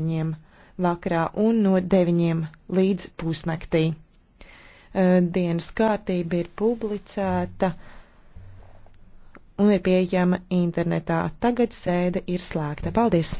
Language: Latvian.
9 vakarā un no 9 līdz pusnaktī. Dienas kārtība ir publicēta un ir pieejama internetā. Tagad sēde ir slēgta. Paldies!